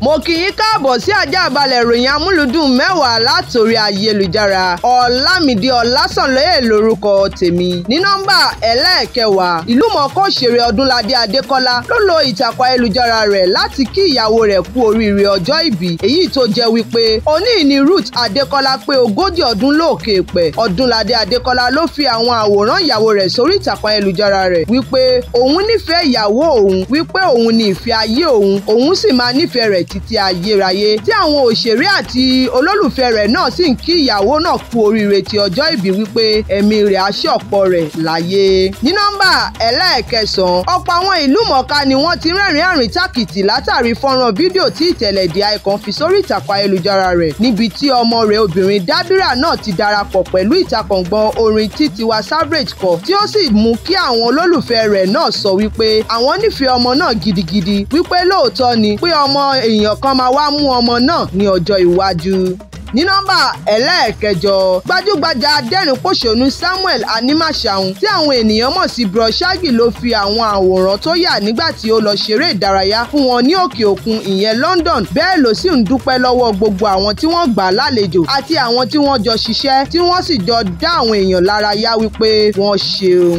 mo kì í káàbọ̀ sí àjàbalẹ̀ ìròyìn amúlùdùn mẹ́wàá látòrí ayélujára ọ̀làmídé ọ̀làsànlóye lórúkọ tèmi ní nọ́mbà ẹlẹ́ẹ̀kẹwàá ìlúmọ̀ọ́ká òṣèré ọdúnládé adékọ́lá ló lo ìtàkùn ayélujára rẹ̀ láti kí ìyàwó rẹ̀ kú oríire ọjọ́ ìbí èyí tó jẹ́ wípé òní ni ruth adékọ́lá pé ogójì ọdún lóòkè pẹ̀ ọdúnládé adékọ́lá ló fi àwọn àwòrán ìyàwó rẹ̀ sórí ìtàkùn ayélujára rẹ̀ wípé òun nífẹ̀ẹ́ ìyàwó òun wípé òun ni ìfẹ́ ayé òun òun sì máa nífẹ̀ẹ́ rẹ̀ títí ayérayé tí àwọn òṣèré àti olólùfẹ́ rẹ̀ náà sì ń kí ìyàwó náà kú oríire ti ọjọ́ ìbí wípé ẹ̀mí rẹ̀ aṣọ́pọ̀ rẹ̀ láyé. ní nọ́mbà ẹlẹ́ẹ̀kẹsàn-án ọ̀pọ̀ àwọn ìlú mọ̀ọ́ká ni wọ́n ti rẹ́rìn-ín àrìn tàkìtì látàrí fọ́nrán fídíò tí ìtẹ̀lẹ̀ di icon fi sórí ìtàkùn ayélujára rẹ̀ níbi tí ọmọ rẹ̀ obìnrin dábírà náà ti darapọ̀ pẹ̀lú ìtakọ̀ngbọ̀n orin tí Savage kọ tí ó sì mú kí àwọn olólùfẹ́ rẹ̀ náà sọ wípé àwọn nífẹ̀ẹ́ ọmọ náà gidigidi wípé lóòótọ́ ni pé ọmọ èyí ènìyàn kan máa wá mú ọmọ náà ní ọjọ́ iwájú ní nọ́mbà ẹlẹ́ẹ̀kẹjọ gbajúgbajà adẹ́rìn-pòṣónú Samuel Animashaun tí àwọn ènìyàn mọ̀ sí Bro Shaggy ló fi àwọn àwòrán tó yà nígbà tí ó lọ ṣeré ìdárayá fún wọn ní òkè òkun ìyẹn London bẹ́ẹ̀ ló sì ń dúpẹ́ lọ́wọ́ gbogbo àwọn tí wọ́n gbà lálejò àti àwọn tí wọ́n jọ ṣiṣẹ́ tí wọ́n sì jọ dá àwọn èèyàn lárayá wípé wọ́n ṣeun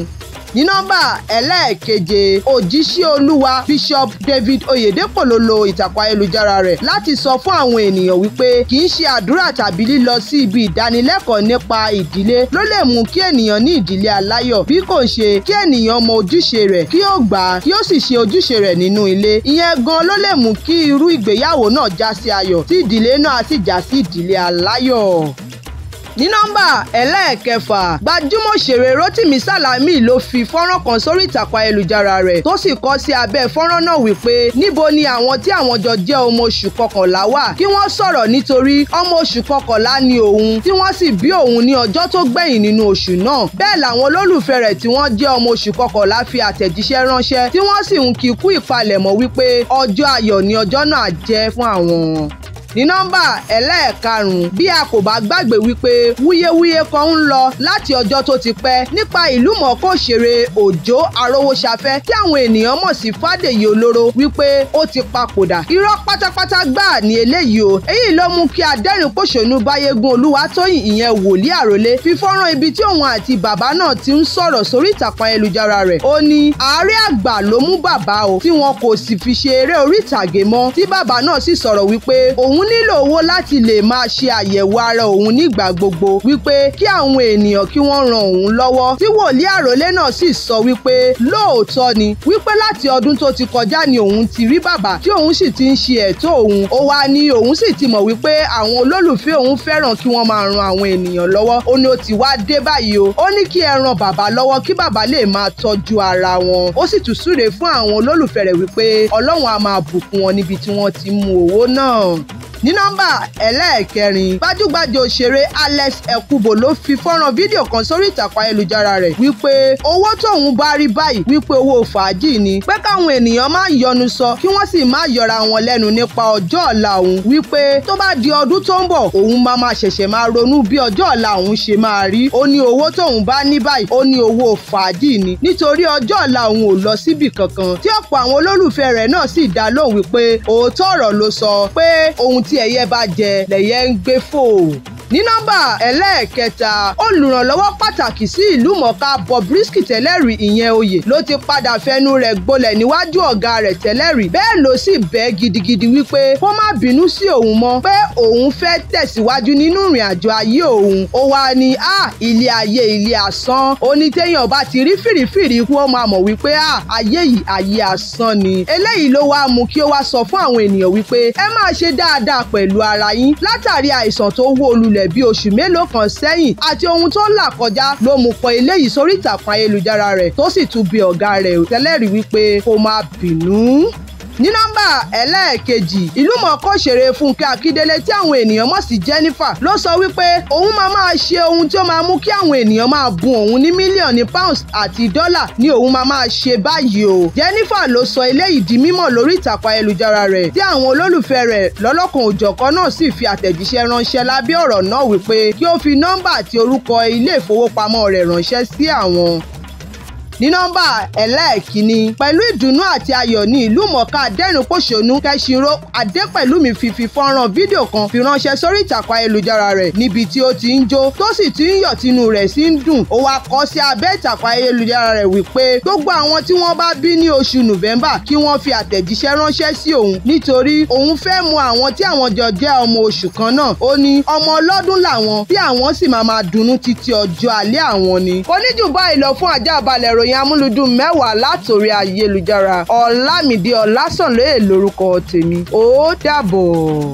ní nọ́mbà ẹlẹ́ẹ̀keje òjíṣẹ́ olúwa Bishop David Oyedepo ló lo ìtàkùn ayélujára rẹ̀ láti sọ fún àwọn ènìyàn wípé kì í ṣe àdúrà tàbí lílọ sí ibi ìdánilẹ́kọ̀ọ́ nípa ìdílé ló lè mú kí ènìyàn ní ìdílé aláyọ̀ bí kò ṣe kí ènìyàn mọ ojúṣe rẹ̀ kí ó gbà á kí ó sì ṣe ojúṣe rẹ̀ nínú ilé ìyẹn gan ló lè mú kí irú ìgbéyàwó náà já sí ayọ̀ tí ìdílé náà sì já sí ìdílé aláyọ̀ ní nọ́mbà ẹlẹ́ẹ̀kẹfà gbajúmọ̀ òṣèré Rotimi Salami ló fi fọ́nrán kan sórí ìtàkùn ayélujára rẹ̀ tó sì kọ sí abẹ́ fọ́nrán náà wípé níbo ni àwọn tí àwọn jọ jẹ́ ọmọ oṣù kọkànlá wà kí wọ́n sọ̀rọ̀ nítorí ọmọ oṣù kọkànlá ni òun tí wọ́n sì bí òun ní ọjọ́ tó gbẹ̀yìn nínú oṣù náà bẹ́ẹ̀ làwọn olólùfẹ́ rẹ̀ tí wọ́n jẹ́ ọmọ oṣù kọkànlá fi àtẹ̀jíṣẹ́ ránṣẹ́ tí wọ́n sì ń kí ikú ìpalẹ̀mọ́ wípé ọjọ́ ayọ̀ ni ọjọ́ náà jẹ́ fún àwọn ní nọ́mbà ẹlẹ́ẹ̀karùn-ún bí a kò bá gbàgbé wípé wúyewúye kan ń lọ láti ọjọ́ tó ti pẹ́ nípa ìlú mọ̀ọ́ká òṣèré òjó arówóṣafẹ́ tí àwọn ènìyàn mọ̀ sí fàdèyí olóró wípé ó ti papòdà irọ́ pátápátá gbáà ní eléyìí o èyí ló mú kí adẹ́rìn-pòṣónú báyégún olúwatóyìn ìyẹn wòlíì àròlé fi fọ́nrán ibi tí òun àti bàbá náà ti ń sọ̀rọ̀ sórí ìtàkùn ayélujára rẹ̀ ó ní àárẹ̀ àgbà ló mú bàbá o tí wọn kò sì fi ṣe eré orí ìtàgé mọ́ tí bàbá náà sì òun nílò owó láti lè máa ṣe àyẹ̀wò ara òun nígbà gbogbo wípé kí àwọn ènìyàn kí wọ́n ran òun lọ́wọ́ tí wòlíì àròlé náà sì sọ wípé lóòótọ́ ni wípé láti ọdún tó ti kọjá ni òun ti rí bàbá tí òun sì ti ń ṣe ẹ̀tọ́ òun ó wá ní òun sì ti mọ̀ wípé àwọn olólùfẹ́ òun fẹ́ràn kí wọ́n máa ran àwọn ènìyàn lọ́wọ́ ó ní ó ti wá dé báyìí o ó ní kí ẹ ran bàbá lọ́wọ́ kí bàbá lè máa tọ́jú ara wọn ó sì tún súre fún àwọn olólùfẹ́ rẹ̀ wípé ọlọ́run á máa bùkún wọn níbi tí wọ́n ti mú owó náà ní nọ́mbà ẹlẹ́ẹ̀kẹrin gbajúgbajà òṣèré Alex Ekubo ló fi fọ́nrán fídíò kan sórí ìtàkùn ayélujára rẹ̀ wípé owó tóun bá rí báyìí wípé owó fàájì ni pé káwọn ènìyàn máa ń yọnu sọ kí wọ́n sì máa yọra wọn lẹ́nu nípa ọjọ́ ọ̀la òun wípé tó bá di ọdún tó ń bọ̀ òun máa máa ṣẹ̀ṣẹ̀ máa ronú bí ọjọ́ ọ̀la òun ṣe máa rí ó ní owó tóun bá ní báyìí ó ní owó fàájì ni nítorí ọjọ́ ọ̀la òun ò lọ síbì kankan tí ọ̀pọ̀ àwọn olólùfẹ́ rẹ̀ náà sì dá lóhùn wípé òótọ́ ọ̀rọ̀ ló sọ pé òun t tí ẹyẹ bá jẹ lẹyẹ ń gbé fò ní nọ́mbà ẹlẹ́ẹ̀kẹta olùrànlọ́wọ́ pàtàkì sí ìlú mọ̀ọ́ká Bobrisky tẹ́lẹ̀rí ìyẹn oyè ló ti padà fẹnu rẹ̀ gbolẹ̀ níwájú ọ̀gá rẹ̀ tẹ́lẹ̀rí bẹ́ẹ̀ ló sì bẹ́ gidigidi wípé kó má bínú sí òun mọ́ pé òun fẹ́ tẹ̀síwájú nínú ìrìn àjò ayé òun ó wá ní à ilé ayé ilé asán ó ní téèyàn bá ti rí fìrìfìrì kú ó máa mọ̀ wípé à ayé yìí ayé asán ni eléyìí ló wá mú kí ó wá sọ fún àwọn ènìyàn wípé ẹ máa ṣe dáadáa pẹ̀lú ara yín látàrí àìsàn tó wó lulẹ̀ ṣẹlẹ̀ bí oṣù mélòó kan sẹ́yìn àti ohun tó ń là kọjá ló mú kọ eléyìí sórí ìtàkùn ayélujára rẹ̀ tó sì tún bi ọ̀gá rẹ̀ tẹ́lẹ̀rí wípé kó má bínú ní nọ́mbà ẹlẹ́ẹ̀kejì ìlúmọ̀ọ́ká òṣèré Fúnkẹ́ Akíndélé tí àwọn ènìyàn mọ̀ sí Jennifer ló sọ wípé òun máa máa ṣe ohun tí ó máa mú kí àwọn ènìyàn máa bùn òun ní mílíọ̀nù pounds àti dọ́là ni òun máa máa ṣe báyìí o Jennifer ló sọ eléyìí di mímọ̀ lórí ìtàkùn ayélujára rẹ̀ tí àwọn olólùfẹ́ rẹ̀ lọ́lọ́kan òjọ̀kan náà sì fi àtẹ̀jíṣẹ́ ránṣẹ́ lábẹ́ ọ̀rọ̀ náà wípé kí ó fi nọ́mbà àti orúkọ ilé ìfowópamọ́ rẹ̀ ránṣẹ́ sí àwọn ní nọ́mbà ẹlẹ́ẹ̀kínní pẹ̀lú ìdùnnú àti ayọ̀ ní ìlú mọ̀ọ́ká adẹ́rùnpọ̀ṣọ́nù Kẹ́ṣirò Adépẹ̀lúmi fífi fọ́nrán fídíò kan fi ránṣẹ́ sórí ìtàkùn ayélujára rẹ̀ níbi tí ó ti ń jó tó sì ti ń yọ̀ tinú rẹ̀ sí ń dùn ó wá kọ sí abẹ́ ìtàkùn ayélujára rẹ̀ wípé gbogbo àwọn tí wọ́n bá bí ní oṣù November kí wọ́n fi àtẹ̀jíṣẹ́ ránṣẹ́ sí òun nítorí òun fẹ́ mọ àwọn tí àwọn jọ jẹ́ ọmọ oṣù kan náà ó ní ọmọ ọlọ́dún làwọn tí àwọn sì máa máa dunnú títí ọjọ́ alẹ́ àwọn ni. kò ní fún àjàbalẹ̀ ìròyìn ìròyìn amúlùdùn mẹ́wàá látòrí ayélujára Ọlámídé Ọlásànlóye lórúkọ tèmi ó dàbọ̀.